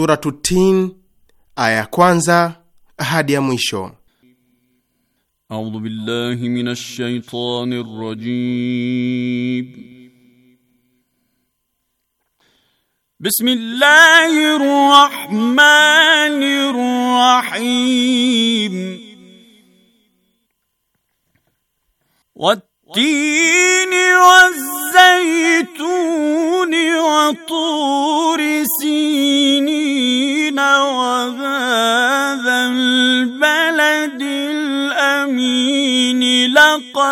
Suratu Tin aya ya kwanza hadi ya mwisho. A'udhu billahi minash shaitani rrajim. Bismillahir rahmanir rahim. Wat-tini waz-zaytuni wa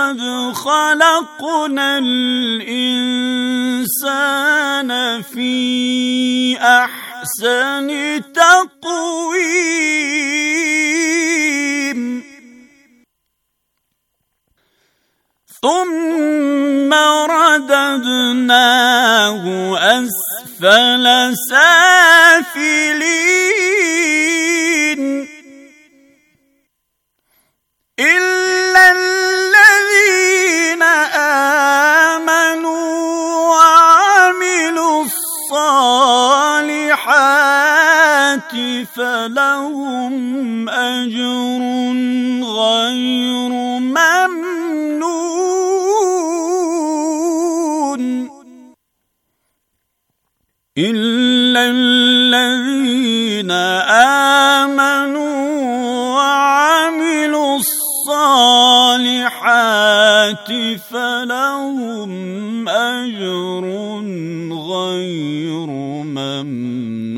لقد خلقنا الانسان في احسن تقويم ثم رددناه اسفل سافلين إلا فلهم أجر غير ممنون إلا الذين آمنوا وعملوا الصالحات فلهم أجر غير ممنون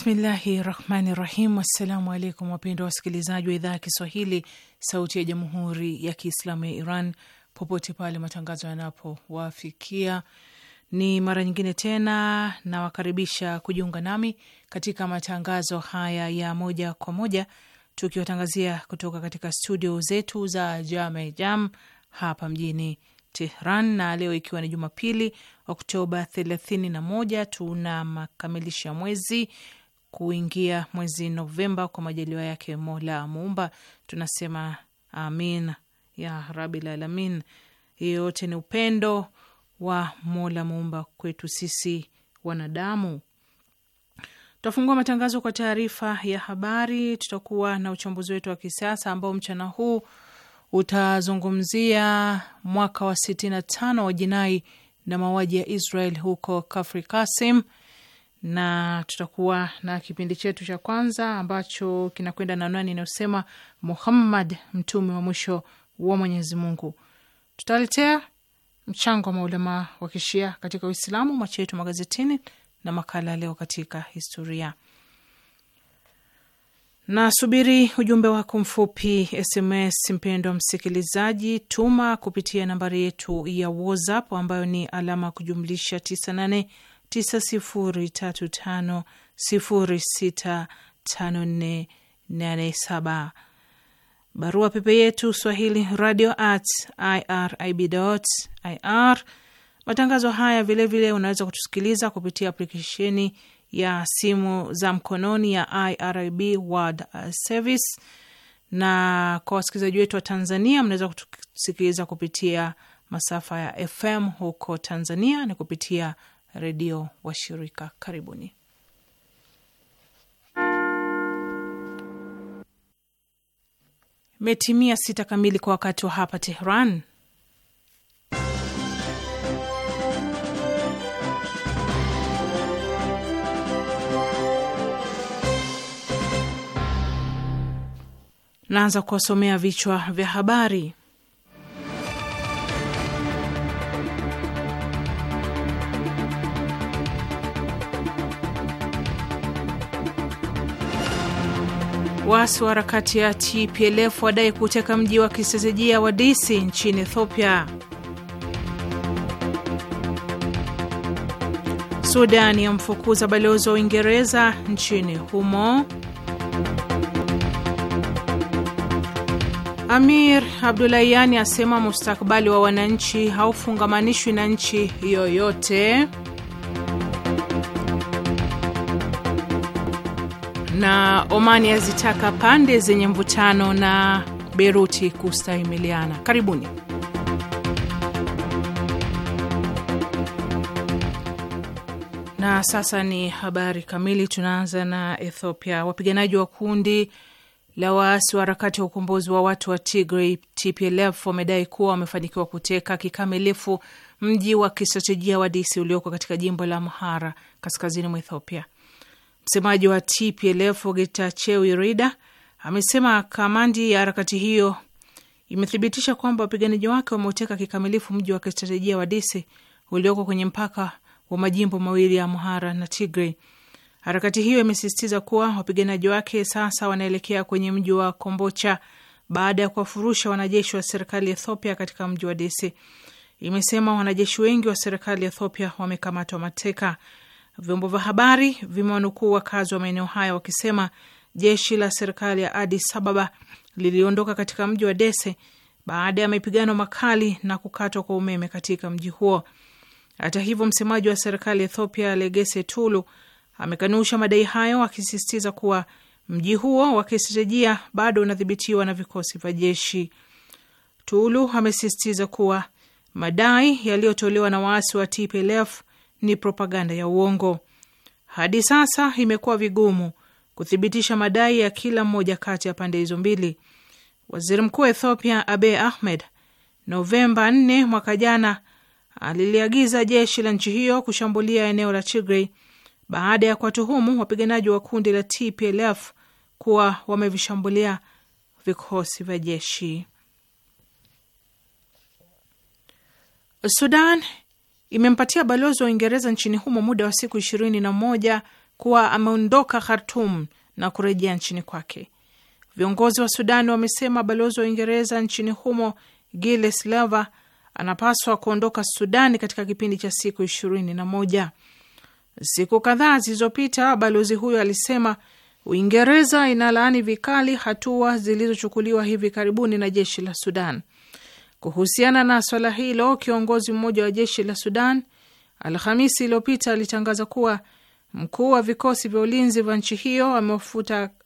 Bismillahi rahmani rahim. Assalamu alaikum wapendwa wasikilizaji wa idhaa ya Kiswahili sauti ya jamhuri ya Kiislamu ya Iran popote pale matangazo yanapowafikia, ni mara nyingine tena nawakaribisha kujiunga nami katika matangazo haya ya moja kwa moja tukiwatangazia kutoka katika studio zetu za Jame Jam hapa mjini Tehran, na leo ikiwa ni Jumapili Oktoba thelathini na moja, tuna makamilisha mwezi kuingia mwezi Novemba kwa majaliwa yake Mola Muumba. Tunasema amin ya rabil alamin. Hiyo yote ni upendo wa Mola Muumba kwetu sisi wanadamu. Tutafungua matangazo kwa taarifa ya habari. Tutakuwa na uchambuzi wetu wa kisiasa ambao mchana huu utazungumzia mwaka wa sitini na tano wa jinai na mauaji ya Israel huko Kafri Kasim na tutakuwa na kipindi chetu cha kwanza ambacho kinakwenda na nani inayosema Muhammad mtume wa mwisho wa Mwenyezi Mungu. Tutaletea mchango wa maulama wa kishia katika Uislamu, macho yetu magazetini na makala ya leo katika historia. Nasubiri ujumbe wako mfupi SMS, mpendo msikilizaji, tuma kupitia nambari yetu ya WhatsApp ambayo ni alama kujumlisha nane tisa sifuri tatu tano sifuri sita tano nne nane saba. Barua pepe yetu swahili radio at irib ir. Matangazo haya vilevile vile unaweza kutusikiliza kupitia aplikesheni ya simu za mkononi ya IRIB World Service, na kwa wasikilizaji wetu wa Tanzania mnaweza kutusikiliza kupitia masafa ya FM huko Tanzania ni kupitia redio washirika. Karibuni. Metimia sita kamili kwa wakati wa hapa Tehran. Naanza kuwasomea vichwa vya habari. Waasi wa harakati ya TPLF wadai kuteka mji wa kistratejia wa Disi nchini Ethiopia. Sudani yamfukuza balozi wa Uingereza nchini humo. Amir Abdulayani asema mustakabali wa wananchi haufungamanishwi na nchi yoyote. na Omani azitaka pande zenye mvutano na beruti kustahimiliana. Karibuni. Na sasa ni habari kamili. Tunaanza na Ethiopia. Wapiganaji wa kundi la waasi wa harakati ya ukombozi wa watu wa Tigray TPLF wamedai kuwa wamefanikiwa kuteka kikamilifu mji wa kistratejia wa Disi ulioko katika jimbo la Amhara kaskazini mwa Ethiopia. Msemaji wa TPLF Getachew rida amesema kamandi ya harakati hiyo imethibitisha kwamba wapiganaji wake wameuteka kikamilifu mji wa kistratejia wa Dise ulioko kwenye mpaka wa majimbo mawili ya Amhara na Tigray. Harakati hiyo imesisitiza kuwa wapiganaji wake sasa wanaelekea kwenye mji wa Kombocha baada ya kuwafurusha wanajeshi wa serikali ya Ethiopia katika mji wa Dise. Imesema wanajeshi wengi wa serikali ya Ethiopia wamekamatwa mateka. Vyombo vya habari vimewanukuu wakazi wa maeneo haya wakisema jeshi la serikali ya Adis Ababa liliondoka katika mji wa Dese baada ya mapigano makali na kukatwa kwa umeme katika mji huo. Hata hivyo, msemaji wa serikali Ethiopia legese Tulu amekanusha madai hayo, akisisitiza kuwa mji huo wa kistratejia bado unadhibitiwa na vikosi vya jeshi. Tulu amesisitiza kuwa madai yaliyotolewa na waasi wa TPLF ni propaganda ya uongo. Hadi sasa imekuwa vigumu kuthibitisha madai ya kila mmoja kati ya pande hizo mbili. Waziri Mkuu wa Ethiopia abe Ahmed Novemba 4 mwaka jana aliliagiza jeshi la nchi hiyo kushambulia eneo la Tigray baada ya kuwatuhumu wapiganaji wa kundi la TPLF kuwa wamevishambulia vikosi vya jeshi. Sudan imempatia balozi wa Uingereza nchini humo muda wa siku ishirini na moja kuwa ameondoka Khartum na kurejea nchini kwake. Viongozi wa Sudani wamesema balozi wa Uingereza nchini humo Giles Lava anapaswa kuondoka Sudani katika kipindi cha siku ishirini na moja. Siku kadhaa zilizopita, balozi huyo alisema Uingereza inalaani vikali hatua zilizochukuliwa hivi karibuni na jeshi la Sudan. Kuhusiana na swala hilo, kiongozi mmoja wa jeshi la Sudan Alhamisi iliyopita alitangaza kuwa mkuu wa vikosi vya ulinzi vya nchi hiyo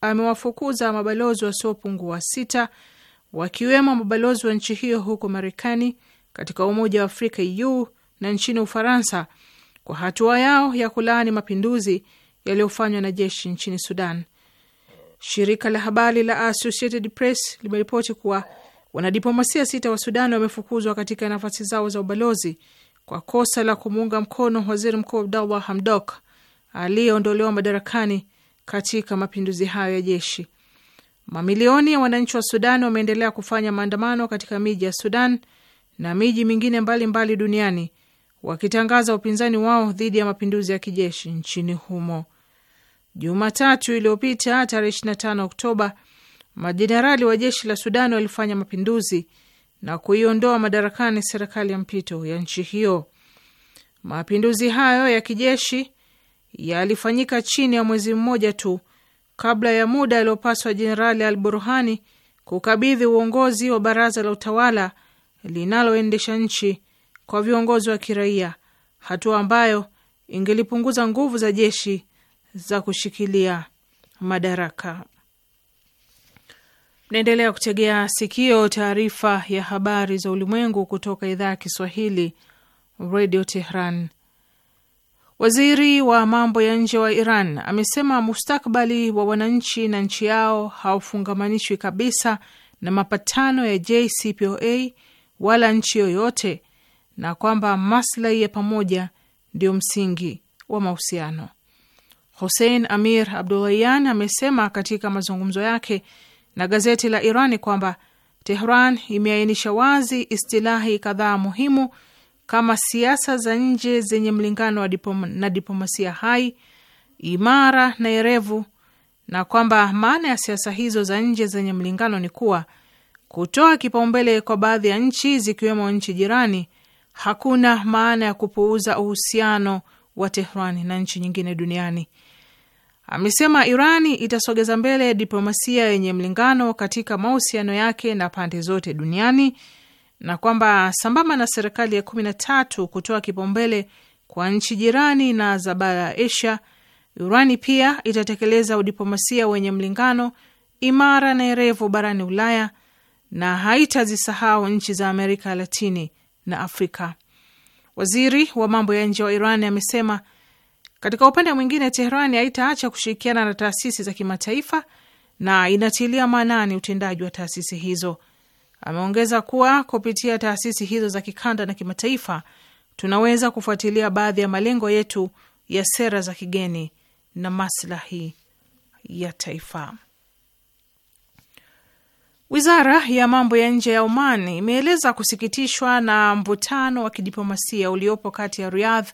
amewafukuza mabalozi wasiopungua sita wakiwemo mabalozi wa nchi hiyo huko Marekani, katika Umoja wa Afrika EU na nchini Ufaransa kwa hatua yao ya kulaani mapinduzi yaliyofanywa na jeshi nchini Sudan. Shirika la habari la Associated Press limeripoti kuwa Wanadiplomasia sita wa Sudan wamefukuzwa katika nafasi zao za ubalozi kwa kosa la kumuunga mkono waziri mkuu Abdallah Hamdok aliyeondolewa madarakani katika mapinduzi hayo ya jeshi. Mamilioni ya wananchi wa Sudan wameendelea kufanya maandamano katika miji ya Sudan na miji mingine mbalimbali mbali duniani wakitangaza upinzani wao dhidi ya mapinduzi ya kijeshi nchini humo. Jumatatu iliyopita tarehe 25 Oktoba, majenerali wa jeshi la Sudani walifanya mapinduzi na kuiondoa madarakani serikali ya mpito ya nchi hiyo. Mapinduzi hayo ya kijeshi yalifanyika chini ya mwezi mmoja tu kabla ya muda aliyopaswa Jenerali Al Burhani kukabidhi uongozi wa baraza la utawala linaloendesha nchi kwa viongozi wa kiraia, hatua ambayo ingelipunguza nguvu za jeshi za kushikilia madaraka. Naendelea kutegea sikio taarifa ya habari za ulimwengu kutoka idhaa ya Kiswahili, Radio Tehran. Waziri wa mambo ya nje wa Iran amesema mustakbali wa wananchi na nchi yao haufungamanishwi kabisa na mapatano ya JCPOA wala nchi yoyote, na kwamba maslahi ya pamoja ndio msingi wa mahusiano. Hussein Amir Abdullahian amesema katika mazungumzo yake na gazeti la Irani kwamba Tehran imeainisha wazi istilahi kadhaa muhimu kama siasa za nje zenye mlingano wa dipom na diplomasia hai imara na erevu, na kwamba maana ya siasa hizo za nje zenye mlingano ni kuwa kutoa kipaumbele kwa baadhi ya nchi zikiwemo nchi jirani hakuna maana ya kupuuza uhusiano wa Tehran na nchi nyingine duniani amesema Irani itasogeza mbele diplomasia yenye mlingano katika mahusiano yake na pande zote duniani na kwamba sambamba na serikali ya kumi na tatu kutoa kipaumbele kwa nchi jirani na za bara ya Asia, Irani pia itatekeleza udiplomasia wenye mlingano imara na erevu barani Ulaya na haitazisahau nchi za Amerika Latini na Afrika. Waziri wa mambo ya nje wa iran amesema katika upande mwingine, Teherani haitaacha kushirikiana na taasisi za kimataifa na inatilia maanani utendaji wa taasisi hizo. Ameongeza kuwa kupitia taasisi hizo za kikanda na kimataifa tunaweza kufuatilia baadhi ya malengo yetu ya sera za kigeni na maslahi ya taifa. Wizara ya mambo ya nje ya Oman imeeleza kusikitishwa na mvutano wa kidiplomasia uliopo kati ya Riyadh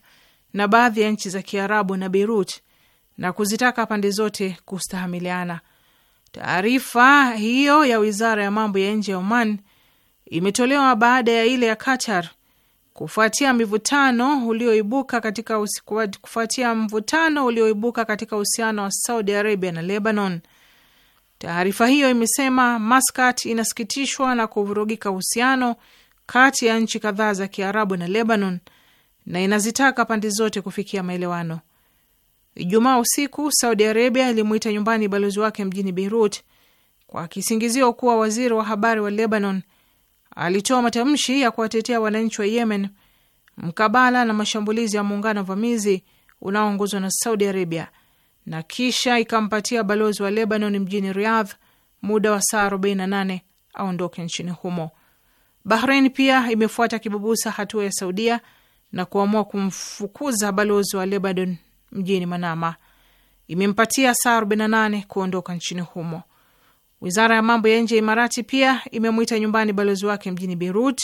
na baadhi ya nchi za Kiarabu na Beirut na kuzitaka pande zote kustahamiliana. Taarifa hiyo ya wizara ya mambo ya nje ya Oman imetolewa baada ya ile ya Qatar kufuatia mivutano ulioibuka katika kufuatia mvutano ulioibuka katika uhusiano wa Saudi Arabia na Lebanon. Taarifa hiyo imesema Maskat inasikitishwa na kuvurugika uhusiano kati ya nchi kadhaa za Kiarabu na Lebanon na inazitaka pande zote kufikia maelewano. Ijumaa usiku Saudi Arabia ilimwita nyumbani balozi wake mjini Beirut kwa kisingizio kuwa waziri wa habari wa Lebanon alitoa matamshi ya kuwatetea wananchi wa Yemen mkabala na mashambulizi ya muungano vamizi unaoongozwa na Saudi Arabia, na kisha ikampatia balozi wa Lebanon mjini Riyadh muda wa saa 48 aondoke nchini humo. Bahrain pia imefuata kibubusa hatua ya Saudia na kuamua kumfukuza balozi wa Lebanon mjini Manama, imempatia saa 48 kuondoka nchini humo. Wizara ya mambo ya nje ya Imarati pia imemwita nyumbani balozi wake mjini Beirut,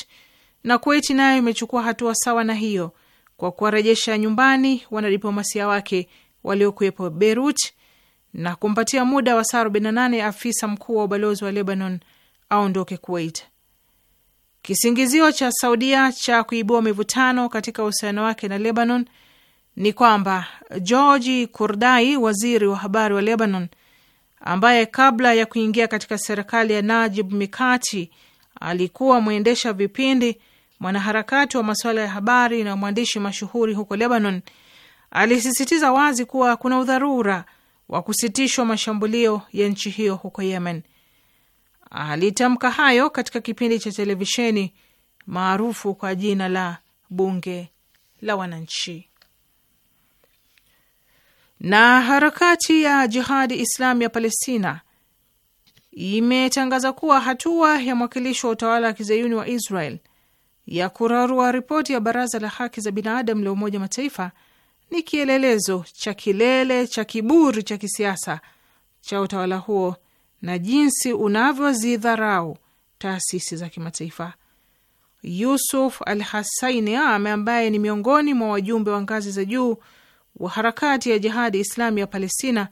na Kuwaiti nayo imechukua hatua sawa na hiyo kwa kuwarejesha nyumbani wanadiplomasia wake waliokuwepo Beirut na kumpatia muda wa saa 48 afisa mkuu wa ubalozi wa Lebanon aondoke Kuwait. Kisingizio cha Saudia cha kuibua mivutano katika uhusiano wake na Lebanon ni kwamba Georgi Kurdai, waziri wa habari wa Lebanon, ambaye kabla ya kuingia katika serikali ya Najib Mikati alikuwa mwendesha vipindi, mwanaharakati wa masuala ya habari na mwandishi mashuhuri huko Lebanon, alisisitiza wazi kuwa kuna udharura wa kusitishwa mashambulio ya nchi hiyo huko Yemen. Alitamka hayo katika kipindi cha televisheni maarufu kwa jina la Bunge la Wananchi. Na harakati ya Jihadi islam ya Palestina imetangaza kuwa hatua ya mwakilishi wa utawala wa kizayuni wa Israel ya kurarua ripoti ya Baraza la Haki za Binadamu la Umoja Mataifa ni kielelezo cha kilele cha kiburi cha kisiasa cha utawala huo na jinsi unavyozidharau taasisi za kimataifa. Yusuf Al Hasaini Ame, ambaye ni miongoni mwa wajumbe wa ngazi za juu wa harakati ya Jihadi Islami ya Palestina,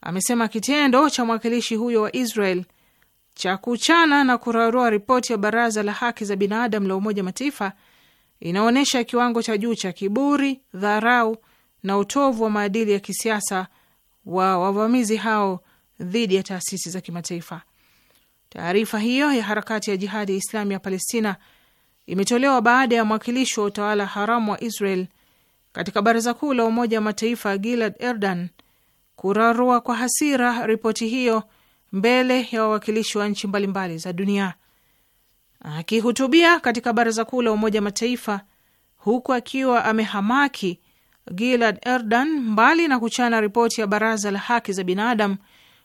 amesema kitendo cha mwakilishi huyo wa Israel cha kuchana na kurarua ripoti ya Baraza la Haki za Binadamu la Umoja Mataifa inaonyesha kiwango cha juu cha kiburi, dharau na utovu wa maadili ya kisiasa wa wavamizi hao dhidi ya taasisi za kimataifa. Taarifa hiyo ya harakati ya jihadi ya islami ya Palestina imetolewa baada ya mwakilishi wa utawala haramu wa Israel katika baraza kuu la Umoja wa Mataifa Gilad Erdan kurarua kwa hasira ripoti hiyo mbele ya wawakilishi wa nchi mbalimbali za dunia. Akihutubia katika baraza kuu la Umoja wa Mataifa huku akiwa amehamaki, Gilad Erdan, mbali na kuchana ripoti ya baraza la haki za binadamu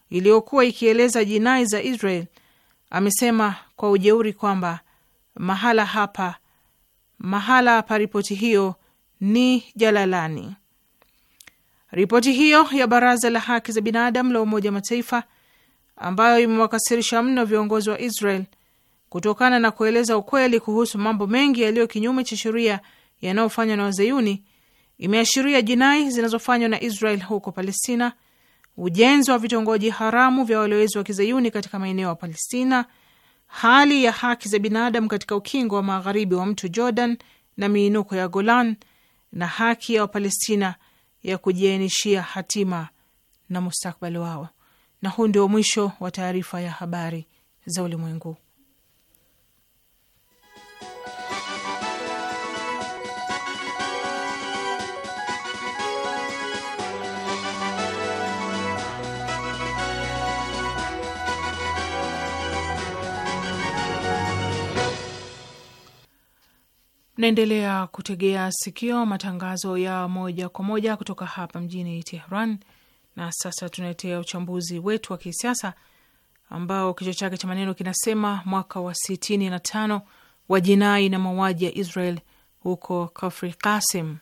iliyokuwa ikieleza jinai za Israel amesema kwa ujeuri kwamba mahala hapa mahala pa ripoti hiyo ni jalalani. Ripoti hiyo ya Baraza la Haki za Binadamu la Umoja wa Mataifa ambayo imewakasirisha mno viongozi wa Israel kutokana na kueleza ukweli kuhusu mambo mengi yaliyo kinyume cha sheria yanayofanywa na Wazayuni imeashiria jinai zinazofanywa na Israel huko Palestina ujenzi wa vitongoji haramu vya walowezi wa kizayuni katika maeneo ya Palestina, hali ya haki za binadamu katika ukingo wa magharibi wa mto Jordan na miinuko ya Golan, na haki ya Wapalestina ya kujiainishia hatima na mustakbali wao. Na huu ndio mwisho wa taarifa ya habari za ulimwengu. Naendelea kutegea sikio matangazo ya moja kwa moja kutoka hapa mjini Tehran. Na sasa tunaletea uchambuzi wetu wa kisiasa ambao kichwa chake cha maneno kinasema mwaka wa sitini na tano wa jinai na mauaji ya Israel huko Kafri Kasim.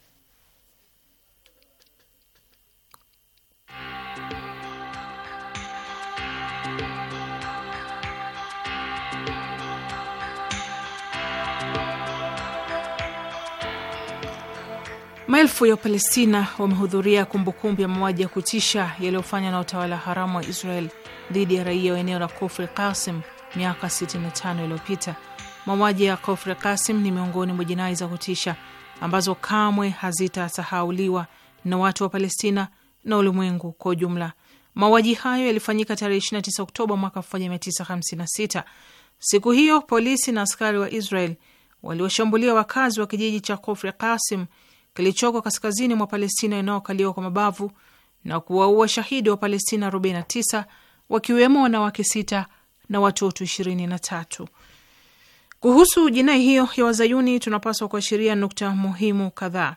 Maelfu ya Wapalestina wamehudhuria kumbukumbu ya mauaji ya kutisha yaliyofanywa na utawala haramu wa Israel dhidi ya raia wa eneo la Kofri Kasim miaka 65 iliyopita. Mauaji ya Kofri Kasim ni miongoni mwa jinai za kutisha ambazo kamwe hazitasahauliwa na watu wa Palestina na ulimwengu kwa ujumla. Mauaji hayo yalifanyika tarehe 29 Oktoba mwaka 1956. Siku hiyo polisi na askari wa Israel waliwashambulia wakazi wa kijiji cha Kofri Kasim kilichoko kaskazini mwa Palestina inayokaliwa kwa mabavu na kuwaua shahidi wa Palestina 49 wakiwemo wanawake sita na watoto 23. Kuhusu jinai hiyo ya Wazayuni, tunapaswa kuashiria nukta muhimu kadhaa.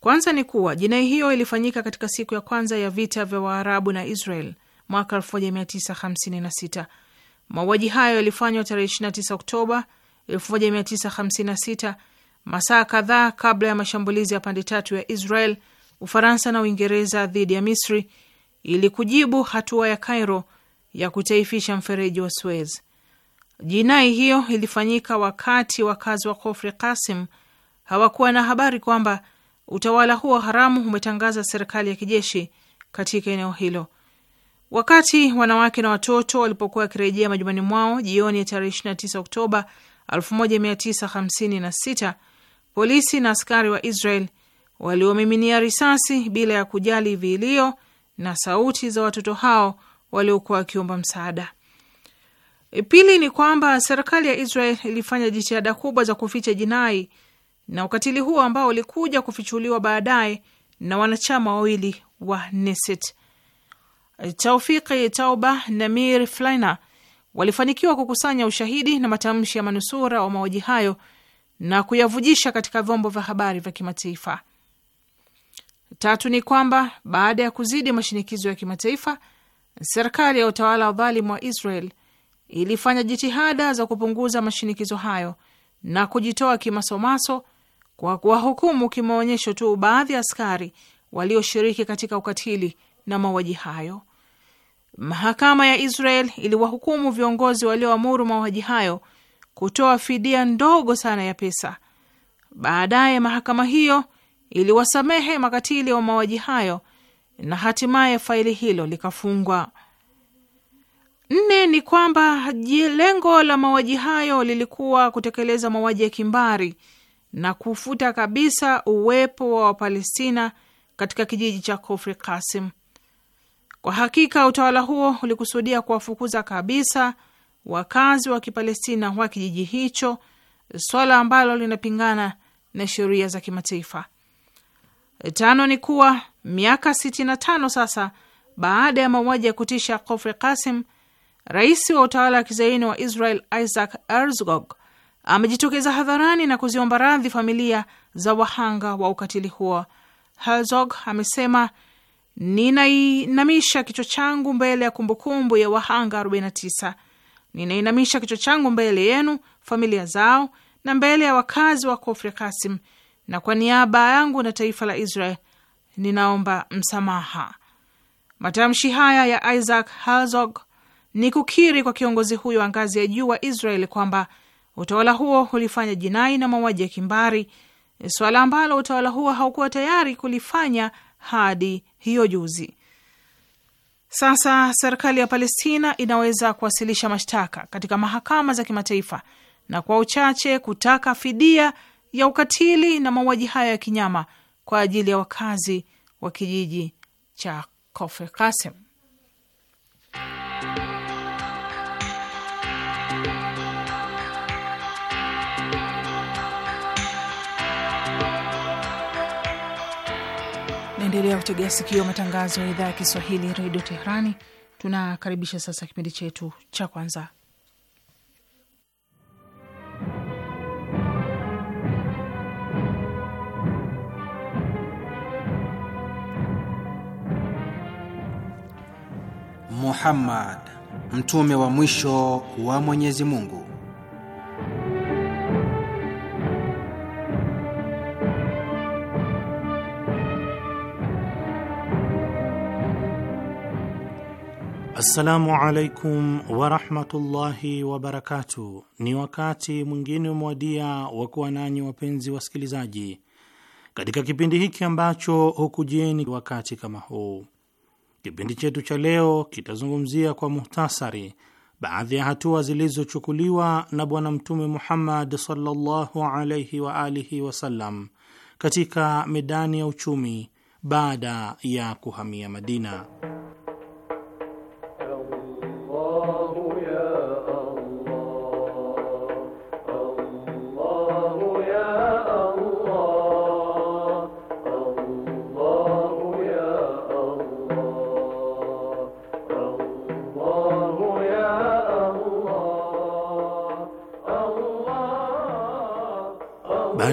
Kwanza ni kuwa jinai hiyo ilifanyika katika siku ya kwanza ya vita vya Waarabu na Israel mwaka 1956. Mauaji hayo yalifanywa tarehe 29 Oktoba 1956 masaa kadhaa kabla ya mashambulizi ya pande tatu ya Israel, Ufaransa na Uingereza dhidi ya Misri ili kujibu hatua ya Cairo ya kutaifisha mfereji wa Suez. Jinai hiyo ilifanyika wakati wakazi wa Kofri Kasim hawakuwa na habari kwamba utawala huo haramu umetangaza serikali ya kijeshi katika eneo hilo. Wakati wanawake na watoto walipokuwa wakirejea majumbani mwao jioni ya tarehe 29 Oktoba 1956 polisi na askari wa Israel waliomiminia risasi bila ya kujali vilio na sauti za watoto hao waliokuwa wakiomba msaada. E, pili ni kwamba serikali ya Israel ilifanya jitihada kubwa za kuficha jinai na ukatili huo ambao ulikuja kufichuliwa baadaye na wanachama wawili wa Neset, e, Taufiki Tauba na Mir Flina walifanikiwa kukusanya ushahidi na matamshi ya manusura wa mauaji hayo na kuyavujisha katika vyombo vya habari vya kimataifa. Tatu ni kwamba baada ya kuzidi mashinikizo ya kimataifa, serikali ya utawala wa dhalimu wa Israel ilifanya jitihada za kupunguza mashinikizo hayo na kujitoa kimasomaso kwa kuwahukumu kimaonyesho tu baadhi ya askari walioshiriki katika ukatili na mauaji hayo. Mahakama ya Israel iliwahukumu viongozi walioamuru mauaji hayo kutoa fidia ndogo sana ya pesa. Baadaye mahakama hiyo iliwasamehe makatili wa mauaji hayo na hatimaye faili hilo likafungwa. Nne ni kwamba lengo la mauaji hayo lilikuwa kutekeleza mauaji ya kimbari na kufuta kabisa uwepo wa Wapalestina katika kijiji cha Kofri Kasim. Kwa hakika utawala huo ulikusudia kuwafukuza kabisa wakazi wa Kipalestina wa kijiji hicho, swala ambalo linapingana na sheria za kimataifa. Tano ni kuwa miaka 65 sasa baada ya mauaji ya kutisha Kofre Kasim, rais wa utawala wa kizaini wa Israel Isaac Herzog amejitokeza hadharani na kuziomba radhi familia za wahanga wa ukatili huo. Herzog amesema, ninainamisha kichwa changu mbele ya kumbukumbu ya wahanga Ninainamisha kichwa changu mbele yenu, familia zao, na mbele ya wakazi wa kofri Kasim, na kwa niaba yangu na taifa la Israel ninaomba msamaha. Matamshi haya ya Isaac Herzog ni kukiri kwa kiongozi huyo wa ngazi ya juu wa Israel kwamba utawala huo ulifanya jinai na mauaji ya kimbari, swala ambalo utawala huo haukuwa tayari kulifanya hadi hiyo juzi. Sasa serikali ya Palestina inaweza kuwasilisha mashtaka katika mahakama za kimataifa na kwa uchache kutaka fidia ya ukatili na mauaji hayo ya kinyama kwa ajili ya wakazi wa kijiji cha kofe Kasem. Mnaendelea kutegea sikio matangazo ya idhaa ya Kiswahili redio Teherani. Tunakaribisha sasa kipindi chetu cha kwanza, Muhammad mtume wa mwisho wa Mwenyezi Mungu. Assalamu alaikum warahmatullahi wabarakatu. Ni wakati mwingine umewadia wa kuwa nanyi wapenzi wasikilizaji, katika kipindi hiki ambacho hukujieni wakati kama huu. Kipindi chetu cha leo kitazungumzia kwa muhtasari baadhi ya hatua zilizochukuliwa na Bwana Mtume Muhammad sallallahu alaihi wa alihi wasallam katika medani ya uchumi baada ya kuhamia Madina.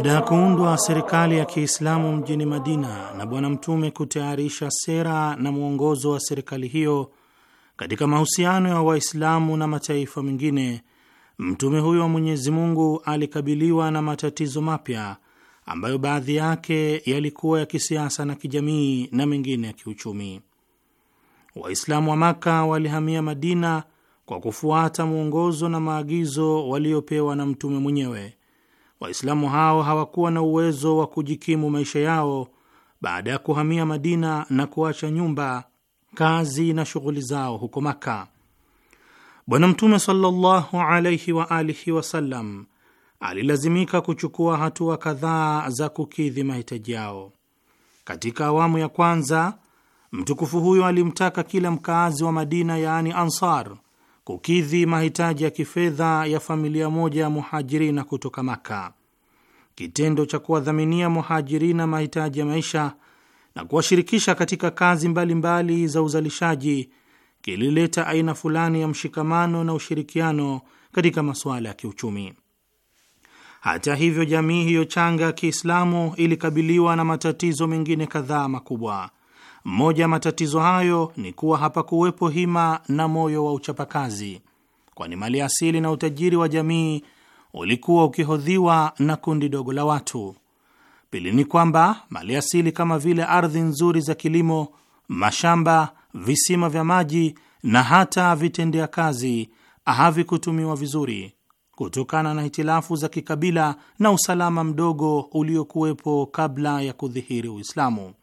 Baada ya kuundwa serikali ya Kiislamu mjini Madina na Bwana Mtume kutayarisha sera na mwongozo wa serikali hiyo katika mahusiano ya Waislamu na mataifa mengine, mtume huyo wa Mwenyezi Mungu alikabiliwa na matatizo mapya ambayo baadhi yake yalikuwa ya kisiasa na kijamii na mengine ya kiuchumi. Waislamu wa Maka walihamia Madina kwa kufuata mwongozo na maagizo waliopewa na mtume mwenyewe Waislamu hao hawakuwa na uwezo wa kujikimu maisha yao baada ya kuhamia Madina na kuacha nyumba, kazi na shughuli zao huko Maka. Bwana Mtume sallallahu alaihi wa alihi wasallam alilazimika kuchukua hatua kadhaa za kukidhi mahitaji yao. Katika awamu ya kwanza, mtukufu huyo alimtaka kila mkaazi wa Madina, yaani Ansar, kukidhi mahitaji ya kifedha ya familia moja ya muhajirina kutoka Maka. Kitendo cha kuwadhaminia muhajirina mahitaji ya maisha na kuwashirikisha katika kazi mbalimbali mbali za uzalishaji kilileta aina fulani ya mshikamano na ushirikiano katika masuala ya kiuchumi. Hata hivyo, jamii hiyo changa ya Kiislamu ilikabiliwa na matatizo mengine kadhaa makubwa. Moja ya matatizo hayo ni kuwa hapakuwepo hima na moyo wa uchapakazi, kwani mali asili na utajiri wa jamii ulikuwa ukihodhiwa na kundi dogo la watu. Pili ni kwamba mali asili kama vile ardhi nzuri za kilimo, mashamba, visima vya maji na hata vitendea kazi havikutumiwa vizuri kutokana na hitilafu za kikabila na usalama mdogo uliokuwepo kabla ya kudhihiri Uislamu.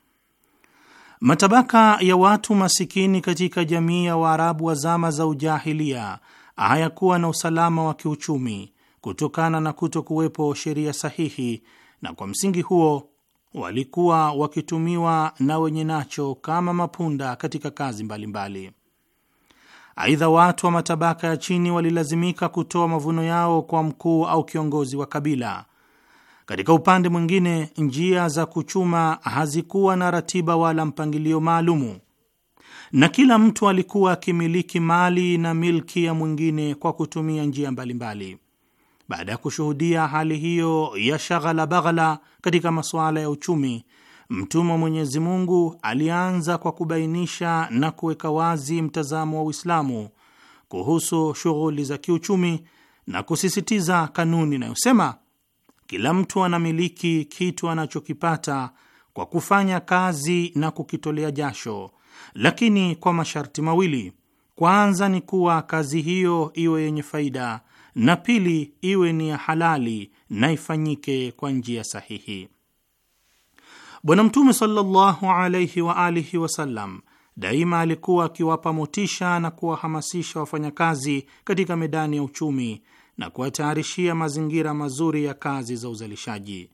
Matabaka ya watu masikini katika jamii ya Waarabu wa zama za ujahilia hayakuwa na usalama wa kiuchumi kutokana na kuto kuwepo sheria sahihi, na kwa msingi huo walikuwa wakitumiwa na wenye nacho kama mapunda katika kazi mbalimbali. Aidha, watu wa matabaka ya chini walilazimika kutoa mavuno yao kwa mkuu au kiongozi wa kabila katika upande mwingine, njia za kuchuma hazikuwa na ratiba wala mpangilio maalumu, na kila mtu alikuwa akimiliki mali na milki ya mwingine kwa kutumia njia mbalimbali Baada ya kushuhudia hali hiyo ya shaghala baghala katika masuala ya uchumi, mtume wa Mwenyezi Mungu alianza kwa kubainisha na kuweka wazi mtazamo wa Uislamu kuhusu shughuli za kiuchumi na kusisitiza kanuni inayosema kila mtu anamiliki kitu anachokipata kwa kufanya kazi na kukitolea jasho, lakini kwa masharti mawili. Kwanza ni kuwa kazi hiyo iwe yenye faida, na pili iwe ni ya halali na ifanyike kwa njia sahihi. Bwana Mtume sallallahu alaihi wa alihi wasallam daima alikuwa akiwapa motisha na kuwahamasisha wafanyakazi katika medani ya uchumi na kuwatayarishia mazingira mazuri ya kazi za uzalishaji.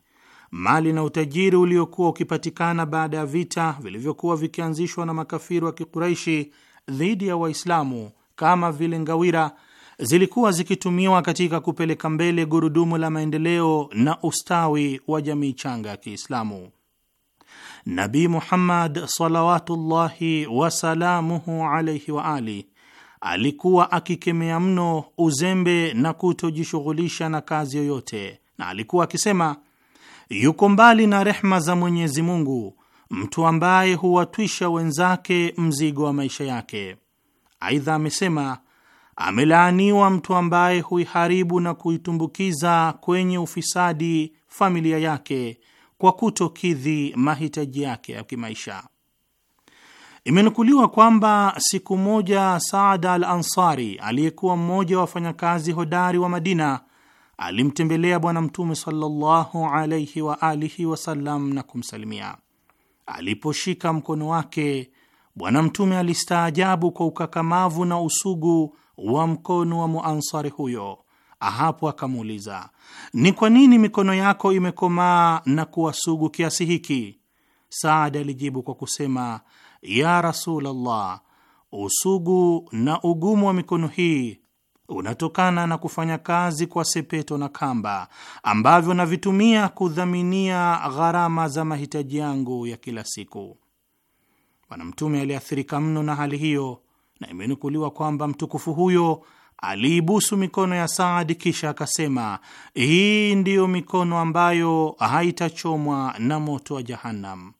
Mali na utajiri uliokuwa ukipatikana baada ya vita vilivyokuwa vikianzishwa na makafiri wa Kikuraishi dhidi ya Waislamu kama vile ngawira zilikuwa zikitumiwa katika kupeleka mbele gurudumu la maendeleo na ustawi wa jamii changa ya Kiislamu. Nabi Muhammad salawatullahi wasalamuhu alaihi wa alikuwa akikemea mno uzembe na kutojishughulisha na kazi yoyote, na alikuwa akisema yuko mbali na rehma za Mwenyezi Mungu mtu ambaye huwatwisha wenzake mzigo wa maisha yake. Aidha amesema amelaaniwa mtu ambaye huiharibu na kuitumbukiza kwenye ufisadi familia yake kwa kutokidhi mahitaji yake ya kimaisha. Imenukuliwa kwamba siku moja Saada al Ansari aliyekuwa mmoja wa wafanyakazi hodari wa Madina alimtembelea Bwana Mtume sallallahu alaihi wa alihi wasallam na kumsalimia. Aliposhika mkono wake, Bwana Mtume alistaajabu kwa ukakamavu na usugu wa mkono wa muansari huyo. ahapo akamuuliza, ni kwa nini mikono yako imekomaa na kuwa sugu kiasi hiki? Saada alijibu kwa kusema ya Rasulallah, usugu na ugumu wa mikono hii unatokana na kufanya kazi kwa sepeto na kamba ambavyo navitumia kudhaminia gharama za mahitaji yangu ya kila siku. Bwana Mtume aliathirika mno na hali hiyo, na imenukuliwa kwamba mtukufu huyo aliibusu mikono ya Saadi kisha akasema, hii ndiyo mikono ambayo haitachomwa na moto wa Jahannam.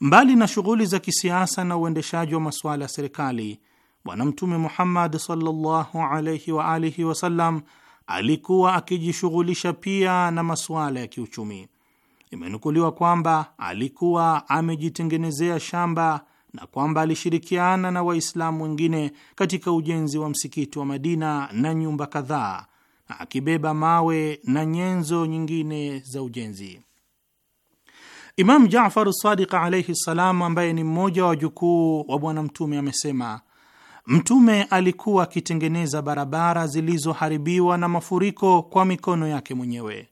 Mbali na shughuli za kisiasa na uendeshaji wa masuala ya serikali, Bwana Mtume Muhammad sallallahu alayhi wa alihi wasallam alikuwa akijishughulisha pia na masuala ya kiuchumi. Imenukuliwa kwamba alikuwa amejitengenezea shamba na kwamba alishirikiana na Waislamu wengine katika ujenzi wa msikiti wa Madina na nyumba kadhaa, na akibeba mawe na nyenzo nyingine za ujenzi. Imamu Jafar Sadiq alaihi ssalam, ambaye ni mmoja wa jukuu wa Bwana Mtume, amesema Mtume alikuwa akitengeneza barabara zilizoharibiwa na mafuriko kwa mikono yake mwenyewe.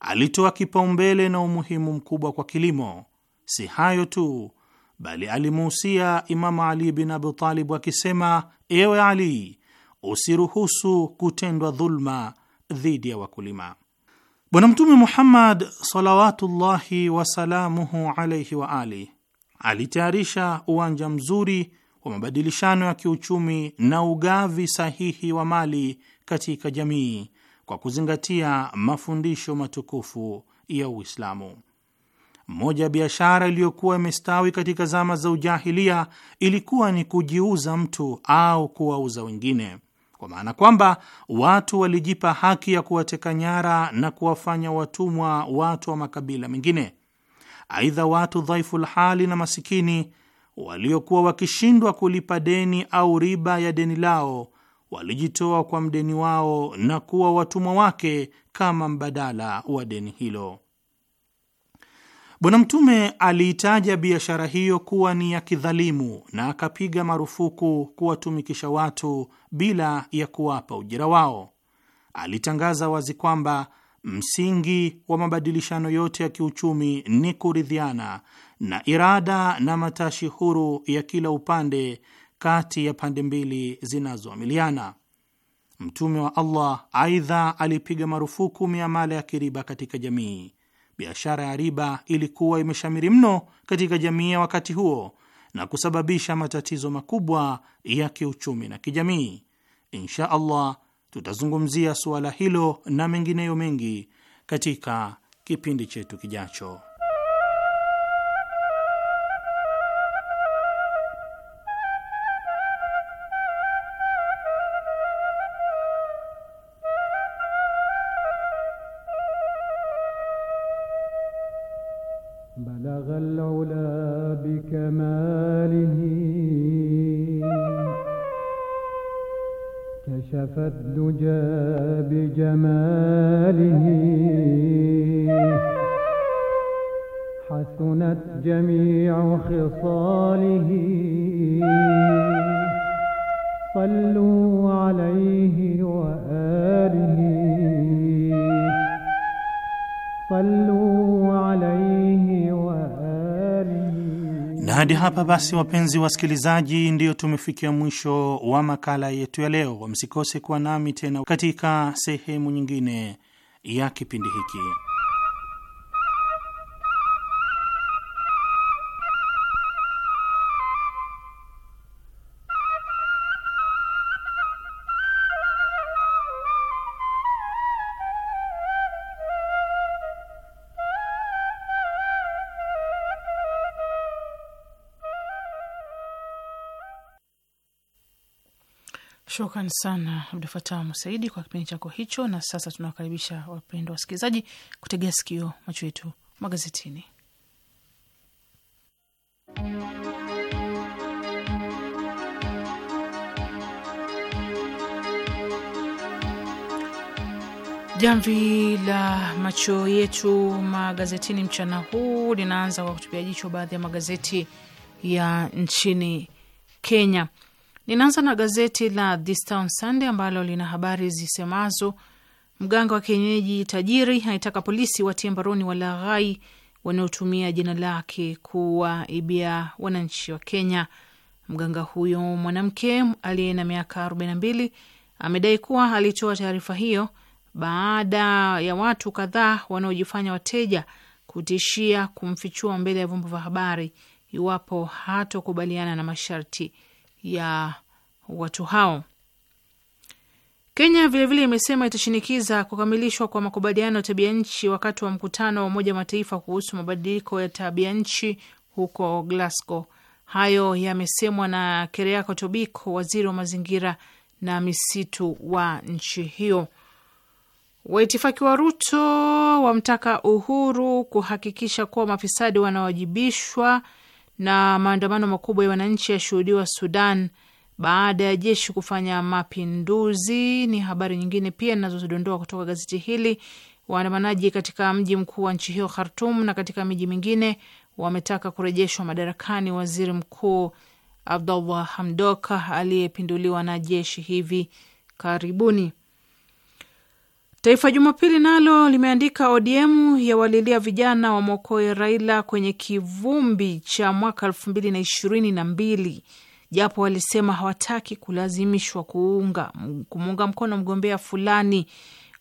Alitoa kipaumbele na umuhimu mkubwa kwa kilimo. Si hayo tu, bali alimuhusia Imamu Ali bin Abi Talib akisema, ewe Ali, usiruhusu kutendwa dhulma dhidi ya wakulima. Bwana Mtume Muhammad salawatullahi wasalamuhu alaihi wa ali alitayarisha uwanja mzuri wa mabadilishano ya kiuchumi na ugavi sahihi wa mali katika jamii kwa kuzingatia mafundisho matukufu ya Uislamu. Moja ya biashara iliyokuwa imestawi katika zama za ujahilia ilikuwa ni kujiuza mtu au kuwauza wengine kwa maana kwamba watu walijipa haki ya kuwateka nyara na kuwafanya watumwa watu wa makabila mengine. Aidha, watu dhaifu lhali na masikini waliokuwa wakishindwa kulipa deni au riba ya deni lao walijitoa kwa mdeni wao na kuwa watumwa wake kama mbadala wa deni hilo. Bwana Mtume aliitaja biashara hiyo kuwa ni ya kidhalimu na akapiga marufuku kuwatumikisha watu bila ya kuwapa ujira wao. Alitangaza wazi kwamba msingi wa mabadilishano yote ya kiuchumi ni kuridhiana na irada na matashi huru ya kila upande kati ya pande mbili zinazoamiliana. Mtume wa Allah aidha alipiga marufuku miamala ya kiriba katika jamii. Biashara ya riba ilikuwa imeshamiri mno katika jamii ya wakati huo na kusababisha matatizo makubwa ya kiuchumi na kijamii. Insha Allah tutazungumzia suala hilo na mengineyo mengi katika kipindi chetu kijacho. hapa basi, wapenzi wasikilizaji, ndiyo tumefikia mwisho wa makala yetu ya leo. Msikose kuwa nami tena katika sehemu nyingine ya kipindi hiki. Shukran sana Abdul Musaidi kwa kipindi chako hicho. Na sasa tunawakaribisha wapendwa wasikilizaji kutegea sikio macho yetu magazetini. Jamvi la macho yetu magazetini mchana huu linaanza kwa kutupia jicho baadhi ya magazeti ya nchini Kenya. Ninaanza na gazeti la This Town Sunday ambalo lina habari zisemazo: mganga wa kienyeji tajiri anaitaka polisi watie mbaroni walaghai wanaotumia jina lake kuwaibia wananchi wa Kenya. Mganga huyo mwanamke aliye na miaka mbili amedai kuwa alitoa taarifa hiyo baada ya watu kadhaa wanaojifanya wateja kutishia kumfichua mbele ya vyombo vya habari iwapo hatokubaliana na masharti ya watu hao. Kenya vilevile imesema itashinikiza kukamilishwa kwa makubaliano ya tabia nchi wakati wa mkutano wa Umoja Mataifa kuhusu mabadiliko ya tabia nchi huko Glasgow. Hayo yamesemwa na Keriako Tobiko, waziri wa mazingira na misitu wa nchi hiyo. Waitifaki wa Ruto wamtaka Uhuru kuhakikisha kuwa mafisadi wanawajibishwa na maandamano makubwa ya wananchi yashuhudiwa Sudan baada ya jeshi kufanya mapinduzi. Ni habari nyingine pia inazozidondoa kutoka gazeti hili. Waandamanaji katika mji mkuu wa nchi hiyo Khartum na katika miji mingine wametaka kurejeshwa madarakani waziri mkuu Abdullah Hamdok aliyepinduliwa na jeshi hivi karibuni. Taifa Jumapili nalo limeandika ODM ya walilia vijana wa mwokoe Raila kwenye kivumbi cha mwaka elfu mbili na ishirini na mbili japo walisema hawataki kulazimishwa kuunga kumuunga mkono mgombea fulani.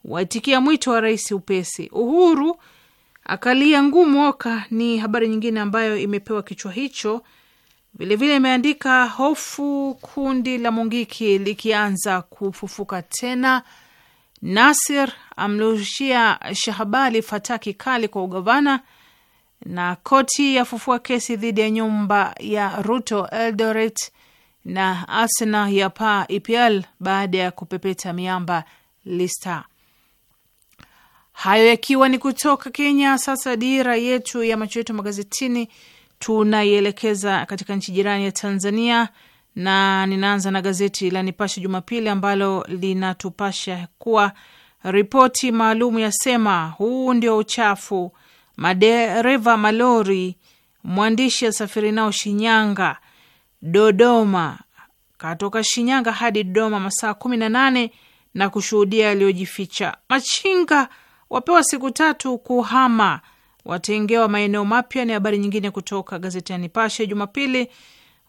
Waitikia mwito wa rais upesi. Uhuru akalia ngumu oka ni habari nyingine ambayo imepewa kichwa hicho. Vilevile imeandika hofu kundi la Mungiki likianza kufufuka tena Nasir amrushia Shahbali fataki kali kwa ugavana, na koti yafufua kesi dhidi ya nyumba ya Ruto Eldoret, na Arsenal ya paa EPL baada ya kupepeta miamba lista Hayo yakiwa ni kutoka Kenya. Sasa dira yetu ya macho yetu magazetini tunaielekeza katika nchi jirani ya Tanzania na ninaanza na gazeti la Nipashe Jumapili ambalo linatupasha kuwa ripoti maalum yasema huu ndio uchafu, madereva malori, mwandishi asafiri nao Shinyanga Dodoma, katoka Shinyanga hadi Dodoma masaa kumi na nane na kushuhudia yaliyojificha. Machinga wapewa siku tatu kuhama, watengewa maeneo mapya, ni habari nyingine kutoka gazeti ya Nipashe Jumapili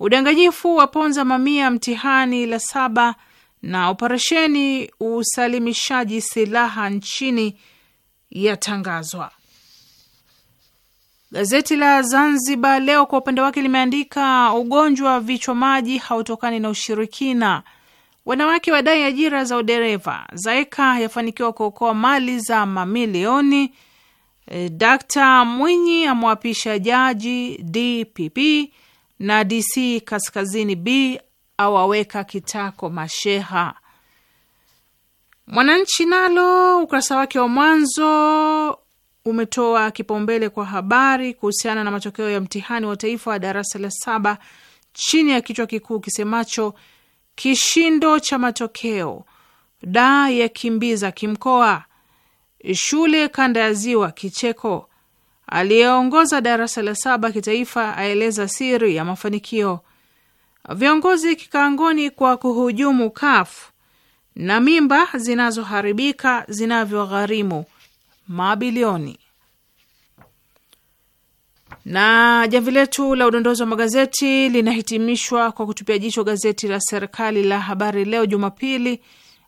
udanganyifu wa ponza mamia mtihani la saba na operesheni usalimishaji silaha nchini yatangazwa. Gazeti la Zanzibar Leo kwa upande wake limeandika ugonjwa wa vichwa maji hautokani na ushirikina, wanawake wadai ajira za udereva, Zaeka yafanikiwa kuokoa mali za mamilioni, eh, Dkt Mwinyi amwapisha jaji DPP na DC Kaskazini B awaweka kitako masheha. Mwananchi nalo ukurasa wake wa mwanzo umetoa kipaumbele kwa habari kuhusiana na matokeo ya mtihani wa taifa wa darasa la saba chini ya kichwa kikuu kisemacho kishindo cha matokeo da yakimbiza kimkoa, shule kanda ya ziwa kicheko, aliyeongoza darasa la saba kitaifa aeleza siri ya mafanikio. Viongozi kikaangoni kwa kuhujumu kafu na mimba zinazoharibika zinavyogharimu mabilioni. Na jamvi letu la udondozi wa magazeti linahitimishwa kwa kutupia jicho gazeti la serikali la Habari Leo Jumapili,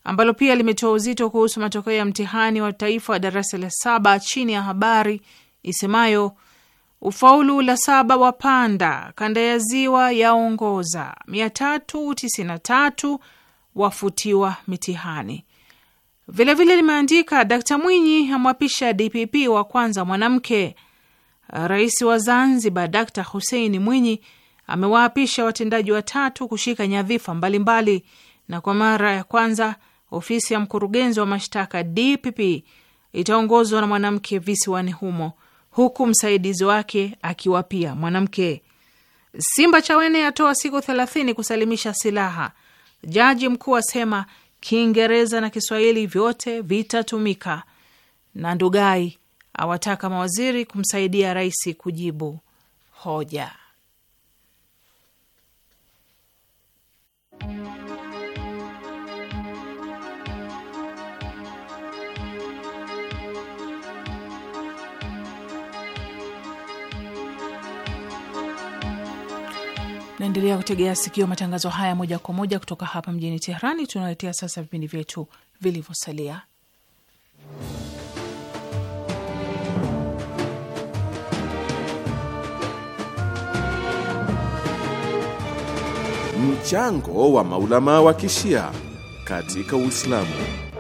ambalo pia limetoa uzito kuhusu matokeo ya mtihani wa taifa wa darasa la saba chini ya habari isemayo ufaulu la saba wapanda, kanda ya ziwa yaongoza, 393 wafutiwa mitihani. Vilevile limeandika Dakta Mwinyi amwapisha DPP wa kwanza mwanamke. Rais wa Zanzibar d husein Mwinyi amewaapisha watendaji watatu kushika nyadhifa mbalimbali mbali, na kwa mara ya kwanza ofisi ya mkurugenzi wa mashtaka DPP itaongozwa na mwanamke visiwani humo huku msaidizi wake akiwa pia mwanamke. Simba Chawene atoa siku thelathini kusalimisha silaha. Jaji mkuu asema Kiingereza na Kiswahili vyote vitatumika, na Ndugai awataka mawaziri kumsaidia rais kujibu hoja. Naendelea kutegea sikio matangazo haya moja kwa moja kutoka hapa mjini Teherani. Tunaletea sasa vipindi vyetu vilivyosalia. Mchango wa maulama wa kishia katika Uislamu.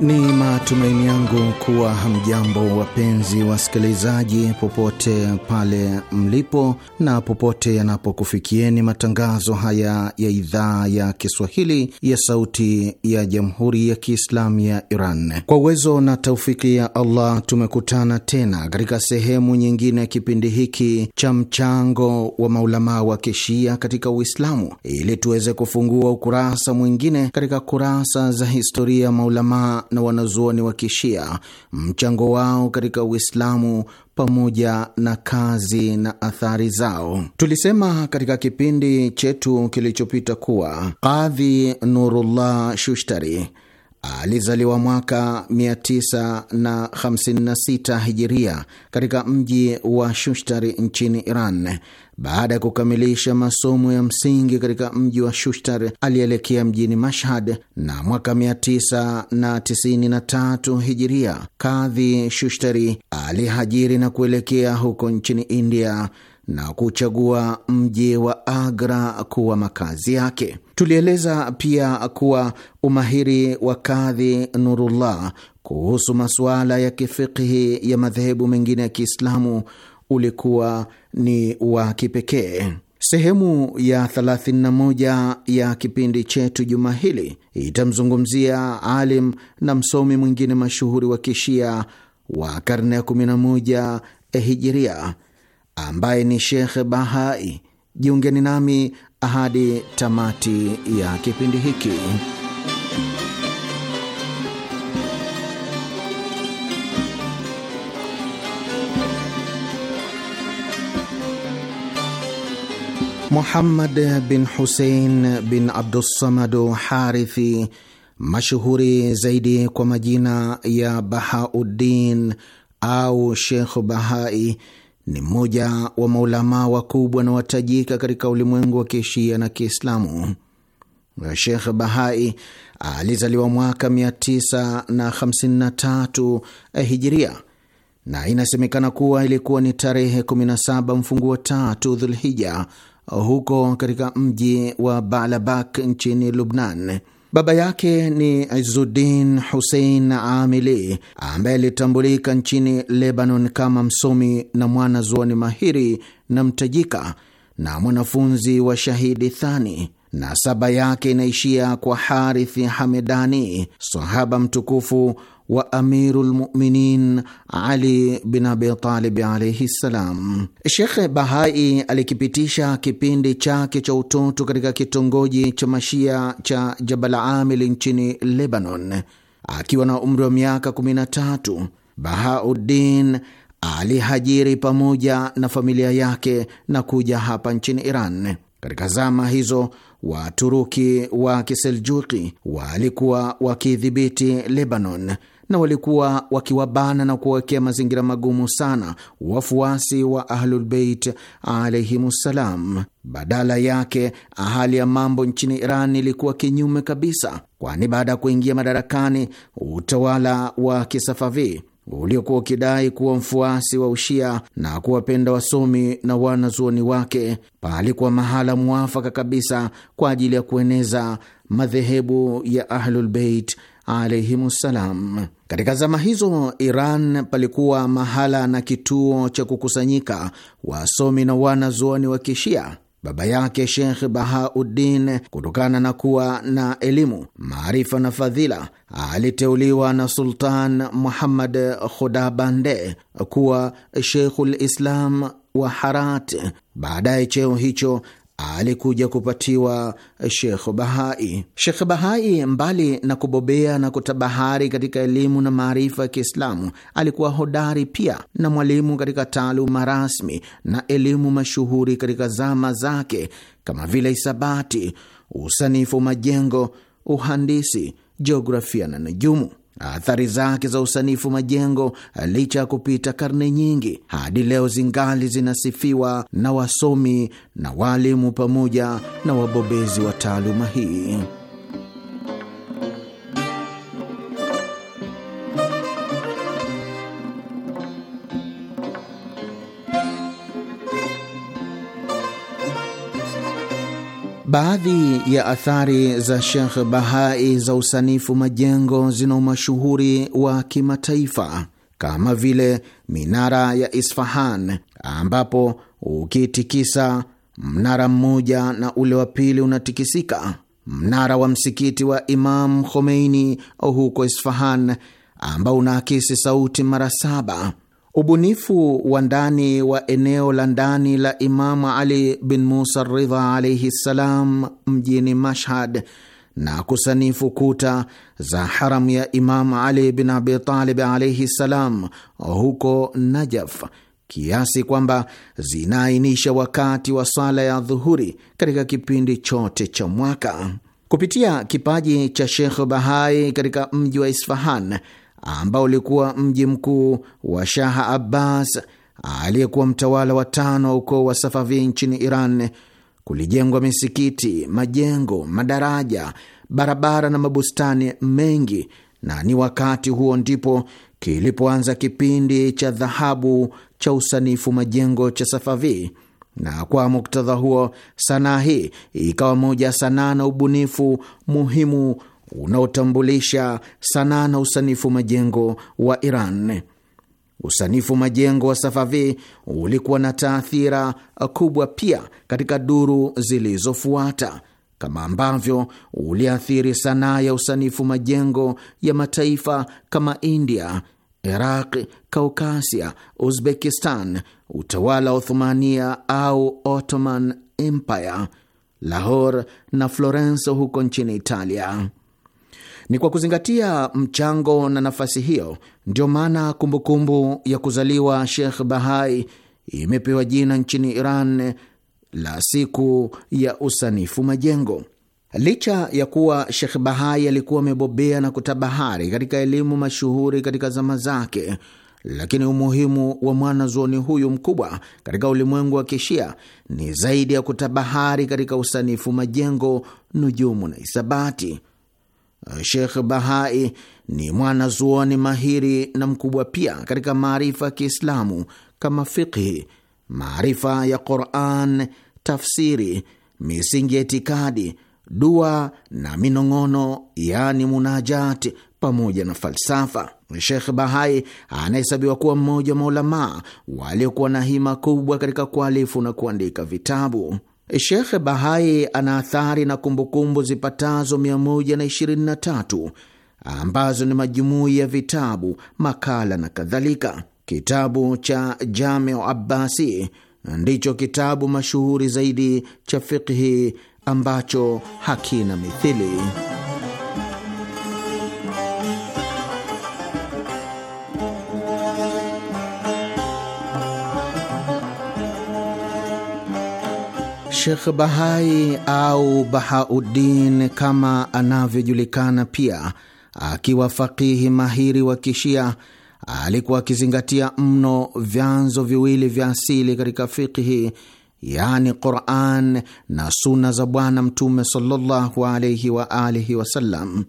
Ni matumaini yangu kuwa hamjambo wapenzi wasikilizaji, popote pale mlipo na popote yanapokufikieni matangazo haya ya idhaa ya Kiswahili ya Sauti ya Jamhuri ya Kiislamu ya Iran. Kwa uwezo na taufiki ya Allah tumekutana tena katika sehemu nyingine ya kipindi hiki cha mchango wa maulamaa wa Kishia katika Uislamu ili tuweze kufungua ukurasa mwingine katika kurasa za historia ya maulamaa na wanazuoni wa Kishia mchango wao katika Uislamu pamoja na kazi na athari zao. Tulisema katika kipindi chetu kilichopita kuwa Qadhi Nurullah Shushtari Alizaliwa mwaka 956 hijiria katika mji wa Shushtari nchini Iran. Baada ya kukamilisha masomo ya msingi katika mji wa Shushtar, alielekea mjini Mashhad na mwaka 993 hijiria, kadhi Shushtari alihajiri na kuelekea huko nchini India na kuchagua mji wa Agra kuwa makazi yake. Tulieleza pia kuwa umahiri wa kadhi Nurullah kuhusu masuala ya kifikhi ya madhehebu mengine ya Kiislamu ulikuwa ni wa kipekee. Sehemu ya 31 ya kipindi chetu juma hili itamzungumzia alim na msomi mwingine mashuhuri wa kishia wa karne ya 11 eh, hijiria ambaye ni Shekhe Bahai. Jiungeni nami hadi tamati ya kipindi hiki. Muhammad bin Husein bin Abdussamadu Harithi, mashuhuri zaidi kwa majina ya Bahauddin au Shekh Bahai, Ni mmoja wa maulamaa wakubwa na watajika katika ulimwengu wa kishia na Kiislamu. Shekh Bahai alizaliwa mwaka 953 eh, hijiria na inasemekana kuwa ilikuwa ni tarehe 17 mfungu wa tatu Dhulhija huko katika mji wa Baalabak nchini Lubnan. Baba yake ni Izuddin husein Amili, ambaye alitambulika nchini Lebanon kama msomi na mwana zuoni mahiri na mtajika na mwanafunzi wa Shahidi Thani. Nasaba yake inaishia kwa Harithi Hamedani, sahaba mtukufu wa Amiru lmuminin Ali bin Abitalibi alaihi ssalam. Shekhe Bahai alikipitisha kipindi chake cha utoto katika kitongoji cha Mashia cha Jabal Amil nchini Lebanon. Akiwa na umri wa miaka 13, Bahauddin alihajiri pamoja na familia yake na kuja hapa nchini Iran. Katika zama hizo Waturuki wa Kiseljuki walikuwa wakidhibiti Lebanon na walikuwa wakiwabana na kuwawekea mazingira magumu sana wafuasi wa Ahlulbeit alaihimussalam. Badala yake hali ya mambo nchini Iran ilikuwa kinyume kabisa, kwani baada ya kuingia madarakani utawala wa Kisafavi uliokuwa ukidai kuwa mfuasi wa Ushia na kuwapenda wasomi na wanazuoni wake, palikuwa mahala mwafaka kabisa kwa ajili ya kueneza madhehebu ya Ahlulbeit alaihimussalam. Katika zama hizo Iran palikuwa mahala na kituo cha kukusanyika wasomi na wanazuoni wa Kishia. Baba yake Sheikh Bahauddin, kutokana na kuwa na elimu, maarifa na fadhila, aliteuliwa na Sultan Muhammad Khudabande kuwa Sheikhul Islam wa Harat. Baadaye cheo hicho alikuja kupatiwa Shekh Bahai. Shekh Bahai, mbali na kubobea na kutabahari katika elimu na maarifa ya Kiislamu, alikuwa hodari pia na mwalimu katika taaluma rasmi na elimu mashuhuri katika zama zake kama vile hisabati, usanifu majengo, uhandisi, jiografia na nujumu. Athari zake za usanifu majengo, licha ya kupita karne nyingi, hadi leo zingali zinasifiwa na wasomi na waalimu pamoja na wabobezi wa taaluma hii. Baadhi ya athari za Shekh Bahai za usanifu majengo zina umashuhuri wa kimataifa kama vile minara ya Isfahan, ambapo ukitikisa mnara mmoja na ule wa pili unatikisika. Mnara wa msikiti wa Imam Khomeini huko Isfahan, ambao unaakisi sauti mara saba. Ubunifu wa ndani wa eneo la ndani la Imamu Ali bin Musa Ridha alaihi ssalam mjini Mashhad na kusanifu kuta za haramu ya Imamu Ali bin Abitalib alaihi ssalam huko Najaf kiasi kwamba zinaainisha wakati wa sala ya dhuhuri katika kipindi chote cha mwaka. Kupitia kipaji cha Shekh Bahai katika mji wa Isfahan ambao ulikuwa mji mkuu wa Shaha Abbas aliyekuwa mtawala wa tano wa ukoo wa Safavi nchini Iran, kulijengwa misikiti, majengo, madaraja, barabara na mabustani mengi, na ni wakati huo ndipo kilipoanza kipindi cha dhahabu cha usanifu majengo cha Safavi na kwa muktadha huo sanaa hii ikawa moja sanaa na ubunifu muhimu unaotambulisha sanaa na usanifu majengo wa Iran. Usanifu majengo wa Safavi ulikuwa na taathira kubwa pia katika duru zilizofuata, kama ambavyo uliathiri sanaa ya usanifu majengo ya mataifa kama India, Iraq, Kaukasia, Uzbekistan, utawala wa Uthumania au Ottoman Empire, Lahore na Florence huko nchini Italia. Ni kwa kuzingatia mchango na nafasi hiyo ndiyo maana kumbukumbu ya kuzaliwa Sheikh Bahai imepewa jina nchini Iran la siku ya usanifu majengo. Licha ya kuwa Sheikh Bahai alikuwa amebobea na kutabahari katika elimu mashuhuri katika zama zake, lakini umuhimu wa mwanazuoni huyu mkubwa katika ulimwengu wa kishia ni zaidi ya kutabahari katika usanifu majengo, nujumu na isabati. Eh, Shekh Bahai ni mwanazuoni mahiri na mkubwa pia katika maarifa ya Kiislamu kama fiqhi, maarifa ya Quran, tafsiri, misingi ya itikadi, dua na minong'ono, yaani munajat, pamoja na falsafa. Shekh Bahai anahesabiwa kuwa mmoja wa maulamaa waliokuwa na hima kubwa katika kualifu na kuandika vitabu. Shekhe Bahai ana athari na kumbukumbu zipatazo 123 ambazo ni majumui ya vitabu, makala na kadhalika. Kitabu cha Jamiu Abbasi ndicho kitabu mashuhuri zaidi cha fikhi ambacho hakina mithili. Shekh Bahai au Bahauddin kama anavyojulikana pia, akiwa fakihi mahiri wa Kishia, alikuwa akizingatia mno vyanzo viwili vya asili katika fiqhi yani Quran na suna za Bwana Mtume sallallahu alaihi wa alihi wasallam.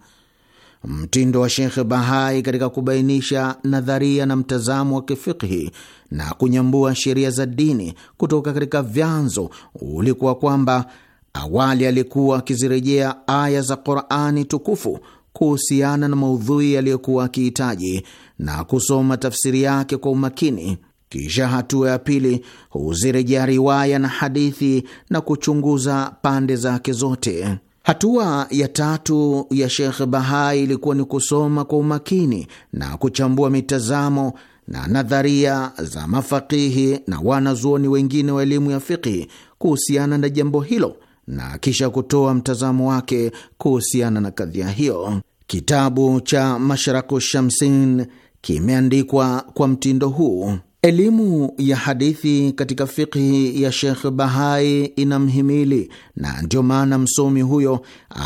Mtindo wa Shekhe Bahai katika kubainisha nadharia na mtazamo wa kifikhi na kunyambua sheria za dini kutoka katika vyanzo ulikuwa kwamba awali alikuwa akizirejea aya za Qurani tukufu kuhusiana na maudhui aliyokuwa akihitaji na kusoma tafsiri yake kwa umakini. Kisha hatua ya pili huzirejea riwaya na hadithi na kuchunguza pande zake zote. Hatua ya tatu ya Shekh Bahai ilikuwa ni kusoma kwa umakini na kuchambua mitazamo na nadharia za mafakihi na wanazuoni wengine wa elimu ya fiqhi kuhusiana na jambo hilo na kisha kutoa mtazamo wake kuhusiana na kadhia hiyo. Kitabu cha Mashraku Shamsin kimeandikwa kwa mtindo huu. Elimu ya hadithi katika fikhi ya Shekh Bahai inamhimili na ndio maana msomi huyo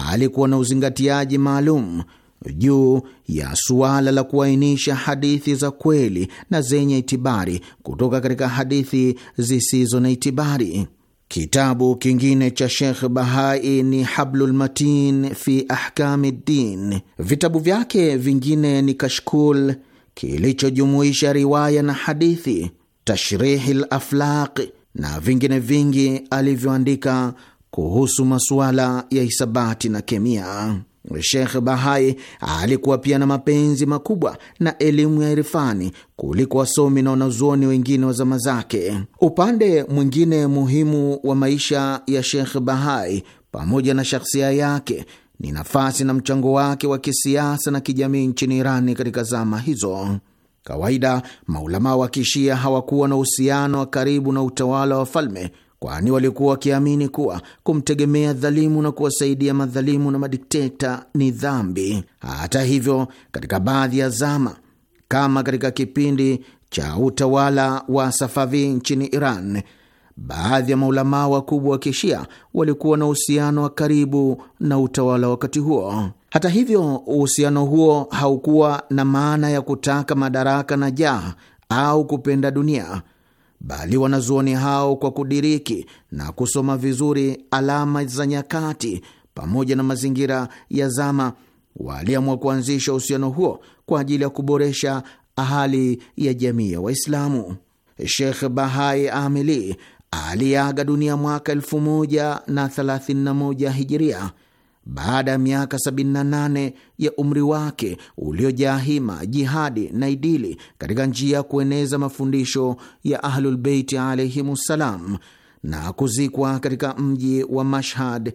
alikuwa na uzingatiaji maalum juu ya suala la kuainisha hadithi za kweli na zenye itibari kutoka katika hadithi zisizo na itibari. Kitabu kingine cha Shekh Bahai ni Hablulmatin fi Ahkami Ddin. Vitabu vyake vingine ni Kashkul kilichojumuisha riwaya na hadithi, tashrihi laflaq na vingine vingi alivyoandika kuhusu masuala ya hisabati na kemia. Shekh Bahai alikuwa pia na mapenzi makubwa na elimu ya irfani kuliko wasomi na wanazuoni wengine wa zama zake. Upande mwingine muhimu wa maisha ya Shekh Bahai pamoja na shakhsia yake ni nafasi na mchango wake wa kisiasa na kijamii nchini Irani katika zama hizo. Kawaida maulamaa wa kishia hawakuwa na uhusiano wa karibu na utawala wa falme, kwani walikuwa wakiamini kuwa kumtegemea dhalimu na kuwasaidia madhalimu na madikteta ni dhambi. Hata hivyo, katika baadhi ya zama kama katika kipindi cha utawala wa Safavi nchini Iran Baadhi ya maulamaa wakubwa wa kishia walikuwa na uhusiano wa karibu na utawala wakati huo. Hata hivyo, uhusiano huo haukuwa na maana ya kutaka madaraka na jaha au kupenda dunia, bali wanazuoni hao kwa kudiriki na kusoma vizuri alama za nyakati pamoja na mazingira ya zama, waliamua kuanzisha uhusiano huo kwa ajili ya kuboresha hali ya jamii ya Waislamu. Shekh Bahai Amili aliaga dunia mwaka 1031 hijiria baada ya miaka 78 ya umri wake uliojaa hima, jihadi na idili katika njia ya kueneza mafundisho ya Ahlulbeiti alaihimussalam na kuzikwa katika mji wa Mashhad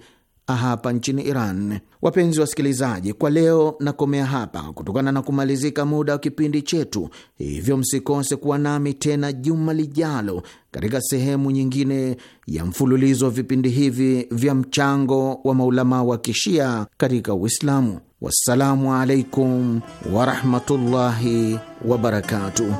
hapa nchini Iran. Wapenzi wasikilizaji, kwa leo nakomea hapa kutokana na kumalizika muda wa kipindi chetu, hivyo msikose kuwa nami tena juma lijalo katika sehemu nyingine ya mfululizo wa vipindi hivi vya mchango wa maulama wa kishia katika Uislamu. Wassalamu alaikum warahmatullahi wabarakatuh.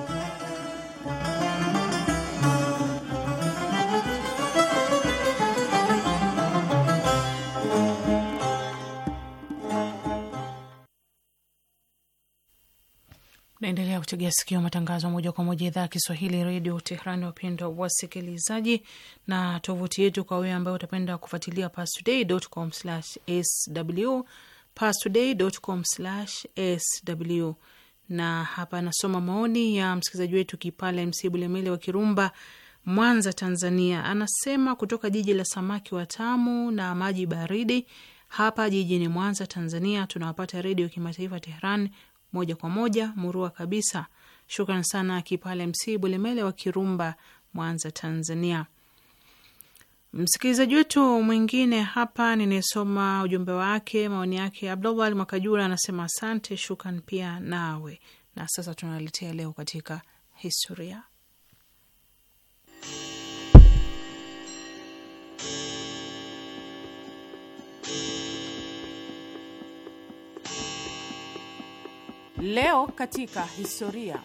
Naendelea kutegea sikio matangazo moja kwa moja idhaa ya Kiswahili redio Tehrani. Wapendwa wasikilizaji, na tovuti yetu kwa wewe ambayo utapenda kufuatilia pastoday.com/sw, pastoday.com/sw. Na hapa anasoma maoni ya msikilizaji wetu Kipale MC Bulemele wa Kirumba, Mwanza, Tanzania. Anasema kutoka jiji la samaki watamu na maji baridi hapa jijini Mwanza, Tanzania, tunawapata redio kimataifa Tehran moja kwa moja murua kabisa. Shukran sana Kipale MC Bulemele wa Kirumba, Mwanza, Tanzania. Msikilizaji wetu mwingine hapa ninayesoma ujumbe wake maoni yake, Abdullah Mwakajura anasema asante, shukran pia nawe. Na sasa tunaletea leo katika historia Leo katika historia.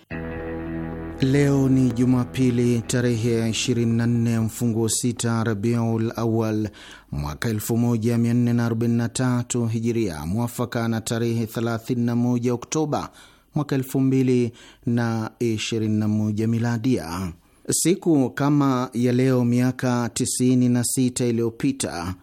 Leo ni Jumapili tarehe ya 24 mfunguo sita Rabiul Awal mwaka 1443 Hijiria, mwafaka na tarehe 31 Oktoba mwaka 2021 Miladia. Siku kama ya leo miaka 96 iliyopita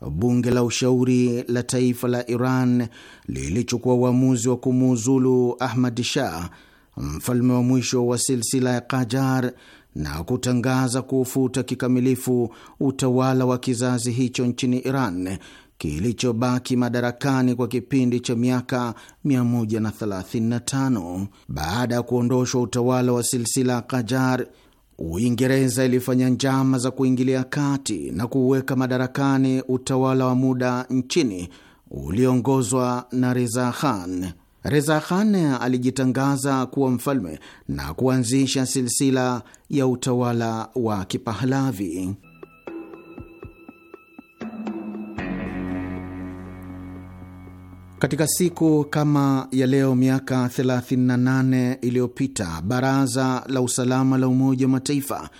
bunge la ushauri la taifa la Iran lilichukua uamuzi wa kumuuzulu Ahmad Shah, mfalme wa mwisho wa silsila ya Kajar, na kutangaza kuufuta kikamilifu utawala wa kizazi hicho nchini Iran kilichobaki madarakani kwa kipindi cha miaka 135. Baada ya kuondoshwa utawala wa silsila kajar Uingereza ilifanya njama za kuingilia kati na kuweka madarakani utawala wa muda nchini uliongozwa na Reza Khan. Reza Khan alijitangaza kuwa mfalme na kuanzisha silsila ya utawala wa Kipahlavi. Katika siku kama ya leo miaka 38 iliyopita baraza la usalama la Umoja wa Mataifa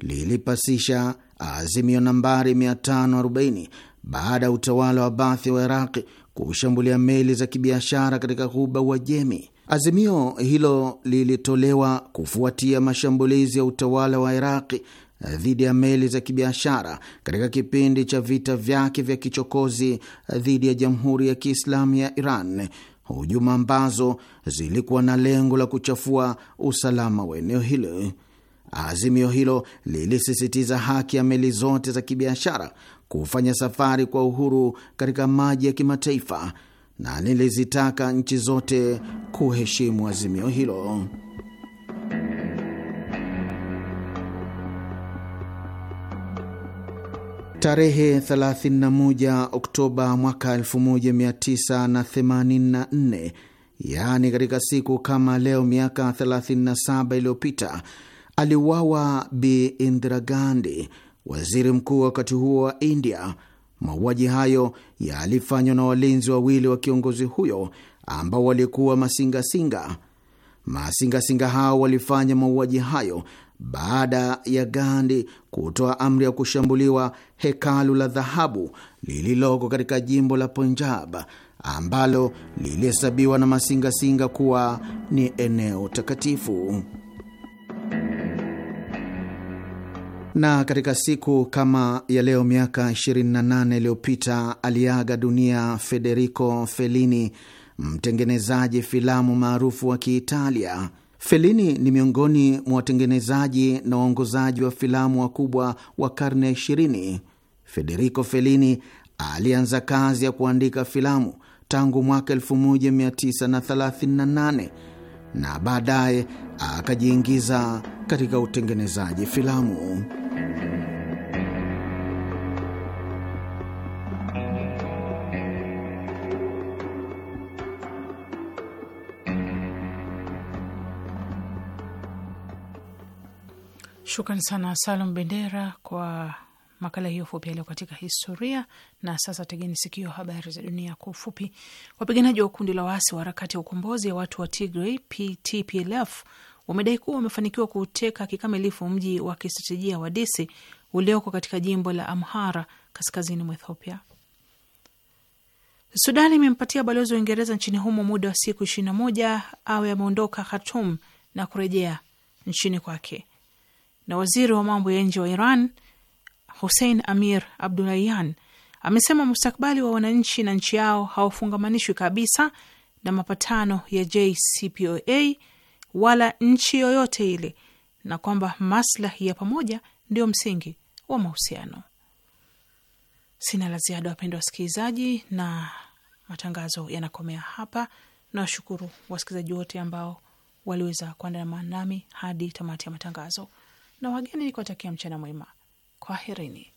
lilipasisha azimio nambari 540 baada ya utawala wa Baathi wa Iraqi kushambulia meli za kibiashara katika ghuba Uajemi. Azimio hilo lilitolewa kufuatia mashambulizi ya utawala wa Iraqi dhidi ya meli za kibiashara katika kipindi cha vita vyake vya kichokozi dhidi ya Jamhuri ya Kiislamu ya Iran, hujuma ambazo zilikuwa na lengo la kuchafua usalama wa eneo hilo. Azimio hilo lilisisitiza haki ya meli zote za kibiashara kufanya safari kwa uhuru katika maji ya kimataifa na lilizitaka nchi zote kuheshimu azimio hilo. Tarehe 31 Oktoba mwaka 1984, yaani katika siku kama leo miaka 37 iliyopita, aliuawa Bi Indira Gandhi, waziri mkuu wakati huo wa India. Mauaji hayo yalifanywa na walinzi wawili wa kiongozi huyo ambao walikuwa masingasinga. Masingasinga hao walifanya mauaji hayo baada ya Gandhi kutoa amri ya kushambuliwa hekalu la dhahabu lililoko katika jimbo la Punjab ambalo lilihesabiwa na masingasinga kuwa ni eneo takatifu. Na katika siku kama ya leo miaka 28 iliyopita aliaga dunia Federico Fellini, mtengenezaji filamu maarufu wa Kiitalia. Felini ni miongoni mwa watengenezaji na waongozaji wa filamu wakubwa wa karne ya ishirini. Federico Felini alianza kazi ya kuandika filamu tangu mwaka 1938 na baadaye akajiingiza katika utengenezaji filamu. Shukran sana Salum Bendera kwa makala hiyo fupi yaliyo katika historia. Na sasa tegeni sikio, habari za dunia kwa ufupi. Wapiganaji wa kundi la waasi wa harakati ya ukombozi ya watu wa Tigray PTPLF wamedai kuwa wamefanikiwa kuuteka kikamilifu mji wa kistratejia wa Disi ulioko katika jimbo la Amhara kaskazini mwa Ethiopia. Sudan imempatia balozi wa Uingereza nchini humo muda wa siku ishirini na moja awe ameondoka khatum na kurejea nchini kwake na waziri wa mambo ya nje wa Iran Hussein Amir abdulayan amesema mustakbali wa wananchi na nchi yao haufungamanishwi kabisa na mapatano ya JCPOA wala nchi yoyote ile na kwamba maslahi ya pamoja ndio msingi wa mahusiano. Sina la ziada, wapendwa wasikilizaji, na matangazo yanakomea hapa. Nawashukuru wasikilizaji wote ambao waliweza kuandamana nami hadi tamati ya matangazo na wageni nikiwatakia mchana mwema, kwaherini.